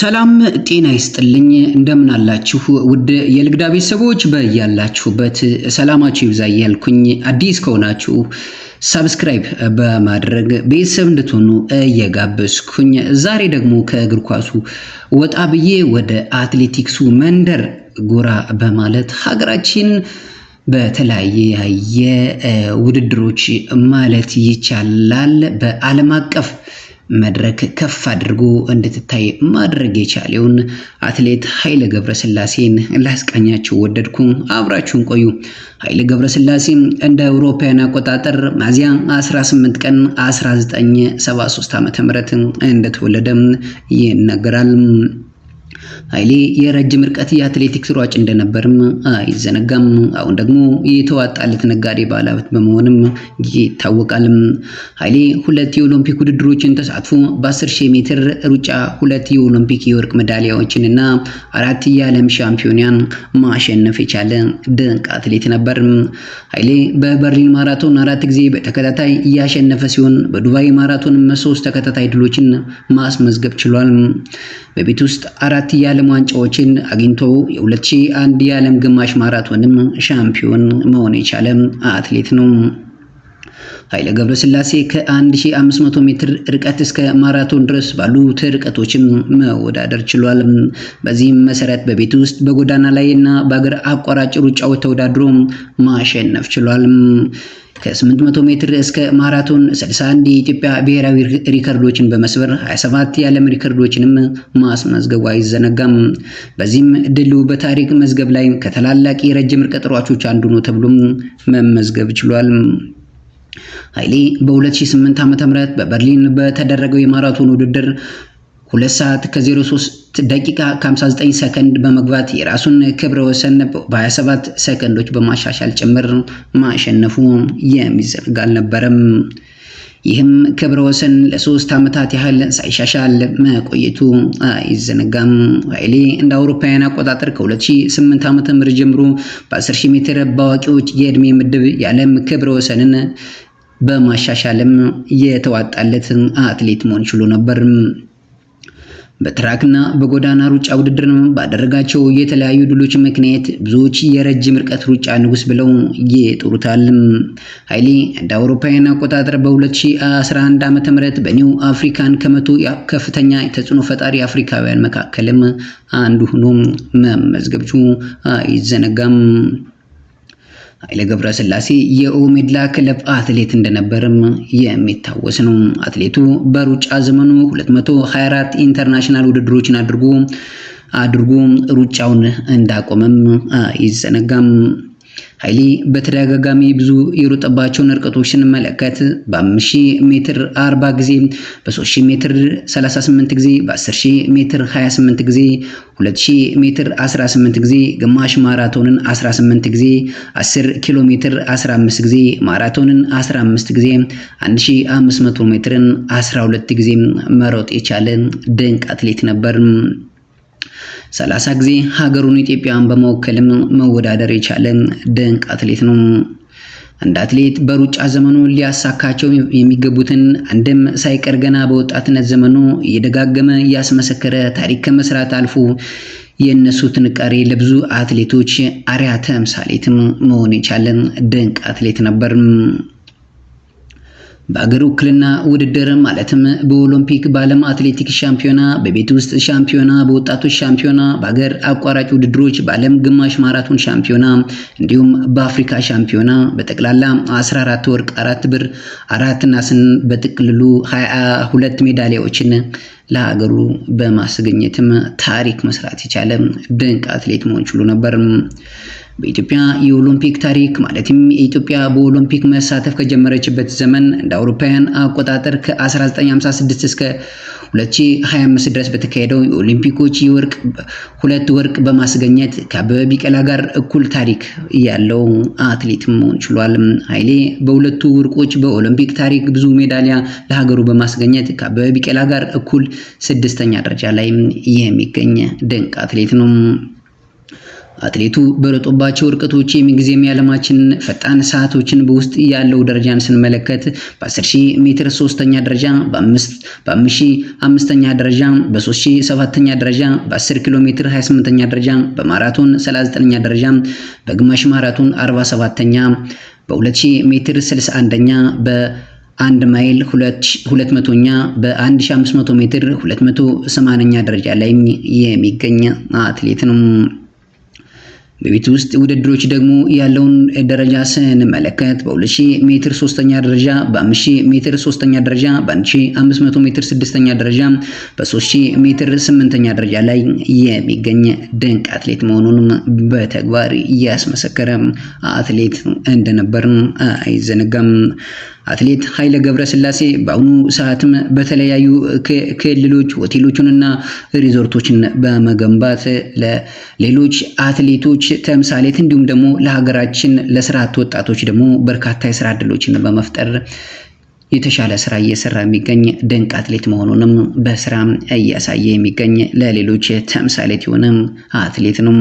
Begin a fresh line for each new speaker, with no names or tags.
ሰላም ጤና ይስጥልኝ። እንደምን አላችሁ ውድ የልግዳ ቤተሰቦች፣ በያላችሁበት ሰላማችሁ ይብዛ እያልኩኝ አዲስ ከሆናችሁ ሰብስክራይብ በማድረግ ቤተሰብ እንድትሆኑ እየጋበዝኩኝ ዛሬ ደግሞ ከእግር ኳሱ ወጣ ብዬ ወደ አትሌቲክሱ መንደር ጎራ በማለት ሀገራችን በተለያየ ውድድሮች ማለት ይቻላል በዓለም አቀፍ መድረክ ከፍ አድርጎ እንድትታይ ማድረግ የቻለውን አትሌት ኃይሌ ገብረስላሴን ላስቃኛችሁ ወደድኩ። አብራችሁን ቆዩ። ኃይሌ ገብረስላሴ እንደ አውሮፓውያን አቆጣጠር ሚያዝያ 18 ቀን 1973 ዓ.ም እንደተወለደ ይነገራል። ኃይሌ የረጅም ርቀት የአትሌቲክስ ሯጭ እንደነበርም አይዘነጋም። አሁን ደግሞ የተዋጣለት ነጋዴ ባለሀብት በመሆንም ይታወቃል። ኃይሌ ሁለት የኦሎምፒክ ውድድሮችን ተሳትፎ በ10 ሺህ ሜትር ሩጫ ሁለት የኦሎምፒክ የወርቅ ሜዳሊያዎችን እና አራት የዓለም ሻምፒዮናን ማሸነፍ የቻለ ድንቅ አትሌት ነበር። ኃይሌ በበርሊን ማራቶን አራት ጊዜ በተከታታይ እያሸነፈ ሲሆን በዱባይ ማራቶን ሶስት ተከታታይ ድሎችን ማስመዝገብ ችሏል። በቤት ውስጥ አራት የዓለም ዋንጫዎችን አግኝቶ የ2001 የዓለም ግማሽ ማራቶንም ሻምፒዮን መሆን የቻለ አትሌት ነው። ኃይለ ገብረስላሴ ከ1500 ሜትር ርቀት እስከ ማራቶን ድረስ ባሉት ርቀቶችም መወዳደር ችሏል። በዚህም መሰረት በቤት ውስጥ በጎዳና ላይ እና በአገር አቋራጭ ሩጫዎች ተወዳድሮ ማሸነፍ ችሏል። ከ800 ሜትር እስከ ማራቶን 61 የኢትዮጵያ ብሔራዊ ሪከርዶችን በመስበር 27 የዓለም ሪከርዶችንም ማስመዝገቡ አይዘነጋም። በዚህም ድሉ በታሪክ መዝገብ ላይ ከታላላቅ የረጅም ርቀት ሯጮች አንዱ ነው ተብሎም መመዝገብ ችሏል። ኃይሌ በ2008 ዓ.ም በበርሊን በተደረገው የማራቶን ውድድር 2 ሰዓት ከ03 ደቂቃ ከ59 ሰከንድ በመግባት የራሱን ክብረ ወሰን በ27 ሰከንዶች በማሻሻል ጭምር ማሸነፉ የሚዘነጋ አልነበረም። ይህም ክብረ ወሰን ለሶስት ዓመታት ያህል ሳይሻሻል መቆየቱ አይዘነጋም። ኃይሌ እንደ አውሮፓውያን አቆጣጠር ከ2008 ዓ.ም ጀምሮ በ10 ሜትር በአዋቂዎች የዕድሜ ምድብ የዓለም ክብረ ወሰንን በማሻሻልም የተዋጣለትን አትሌት መሆን ችሎ ነበር። በትራክና በጎዳና ሩጫ ውድድር ባደረጋቸው የተለያዩ ድሎች ምክንያት ብዙዎች የረጅም ርቀት ሩጫ ንጉስ ብለው ይጠሩታል። ኃይሌ እንደ አውሮፓውያን አቆጣጠር በ2011 ዓ.ም በኒው አፍሪካን ከመቶ ከፍተኛ ተጽዕኖ ፈጣሪ አፍሪካውያን መካከልም አንዱ ሆኖ መመዝገብቹ አይዘነጋም። ኃይለ ስላሴ የኦሜድላ ክለብ አትሌት እንደነበርም የሚታወስ ነው። አትሌቱ በሩጫ ዘመኑ 224 ኢንተርናሽናል ውድድሮችን አድርጎ አድርጎ ሩጫውን እንዳቆመም አይዘነጋም። ኃይሌ በተደጋጋሚ ብዙ የሮጠባቸውን ርቀቶች ስንመለከት በ5000 ሜትር 40 ጊዜ፣ በ3000 ሜትር 38 ጊዜ፣ በ10000 ሜትር 28 ጊዜ፣ 2000 ሜትር 18 ጊዜ፣ ግማሽ ማራቶንን 18 ጊዜ፣ 10 ኪሎ ሜትር 15 ጊዜ፣ ማራቶንን 15 ጊዜ፣ 1500 ሜትርን 12 ጊዜ መሮጥ የቻለ ድንቅ አትሌት ነበር። ሰላሳ ጊዜ ሀገሩን ኢትዮጵያን በመወከልም መወዳደር የቻለ ድንቅ አትሌት ነው። አንድ አትሌት በሩጫ ዘመኑ ሊያሳካቸው የሚገቡትን አንድም ሳይቀር ገና በወጣትነት ዘመኑ እየደጋገመ እያስመሰከረ ታሪክ ከመስራት አልፎ የእነሱ ጥንካሬ ለብዙ አትሌቶች አርያ ተምሳሌትም መሆን የቻለ ድንቅ አትሌት ነበር። በአገር ውክልና ውድድር ማለትም በኦሎምፒክ በዓለም አትሌቲክስ ሻምፒዮና፣ በቤት ውስጥ ሻምፒዮና፣ በወጣቶች ሻምፒዮና፣ በአገር አቋራጭ ውድድሮች፣ በዓለም ግማሽ ማራቶን ሻምፒዮና እንዲሁም በአፍሪካ ሻምፒዮና በጠቅላላ 14 ወርቅ፣ አራት ብር፣ አራት ናስን በጥቅልሉ 22 ሜዳሊያዎችን ለሀገሩ በማስገኘትም ታሪክ መስራት የቻለ ድንቅ አትሌት መሆን ችሎ ነበር። በኢትዮጵያ የኦሎምፒክ ታሪክ ማለትም የኢትዮጵያ በኦሎምፒክ መሳተፍ ከጀመረችበት ዘመን እንደ አውሮፓውያን አቆጣጠር ከ1956 እስከ 2025 ድረስ በተካሄደው የኦሊምፒኮች የወርቅ ሁለት ወርቅ በማስገኘት ከአበበ ቢቀላ ጋር እኩል ታሪክ ያለው አትሌት መሆን ችሏል። ኃይሌ በሁለቱ ወርቆች በኦሎምፒክ ታሪክ ብዙ ሜዳሊያ ለሀገሩ በማስገኘት ከአበበ ቢቀላ ጋር እኩል ስድስተኛ ደረጃ ላይ የሚገኝ ድንቅ አትሌት ነው። አትሌቱ በሮጠባቸው ርቀቶች የምንጊዜም የዓለማችንን ፈጣን ሰዓቶችን በውስጥ ያለው ደረጃን ስንመለከት በ 10000 ሜትር ሶስተኛ ደረጃ፣ በ5000 አምስተኛ ደረጃ፣ በ3000 ሰባተኛ ደረጃ፣ በ10 ኪሎ ሜትር 28ኛ ደረጃ፣ በማራቶን 39ኛ ደረጃ፣ በግማሽ ማራቶን 47ኛ፣ በ2000 ሜትር 61ኛ፣ በ አንድ ማይል 200ኛ በ1500 ሜትር 280ኛ ደረጃ ላይ የሚገኝ አትሌት ነው። በቤት ውስጥ ውድድሮች ደግሞ ያለውን ደረጃ ስንመለከት በ2000 ሜትር ሶስተኛ ደረጃ፣ በ5000 ሜትር ሶስተኛ ደረጃ፣ በ1500 ሜትር ስድስተኛ ደረጃ፣ በ3000 ሜትር ስምንተኛ ደረጃ ላይ የሚገኝ ድንቅ አትሌት መሆኑንም በተግባር ያስመሰከረ አትሌት እንደነበር አይዘነጋም። አትሌት ኃይሌ ገብረስላሴ በአሁኑ ሰዓትም በተለያዩ ክልሎች ሆቴሎችንና ሪዞርቶችን በመገንባት ለሌሎች አትሌቶች ተምሳሌት እንዲሁም ደግሞ ለሀገራችን ለስራ አጥ ወጣቶች ደግሞ በርካታ የስራ እድሎችን በመፍጠር የተሻለ ስራ እየሰራ የሚገኝ ድንቅ አትሌት መሆኑንም በስራ እያሳየ የሚገኝ ለሌሎች ተምሳሌት የሆነ አትሌት ነው።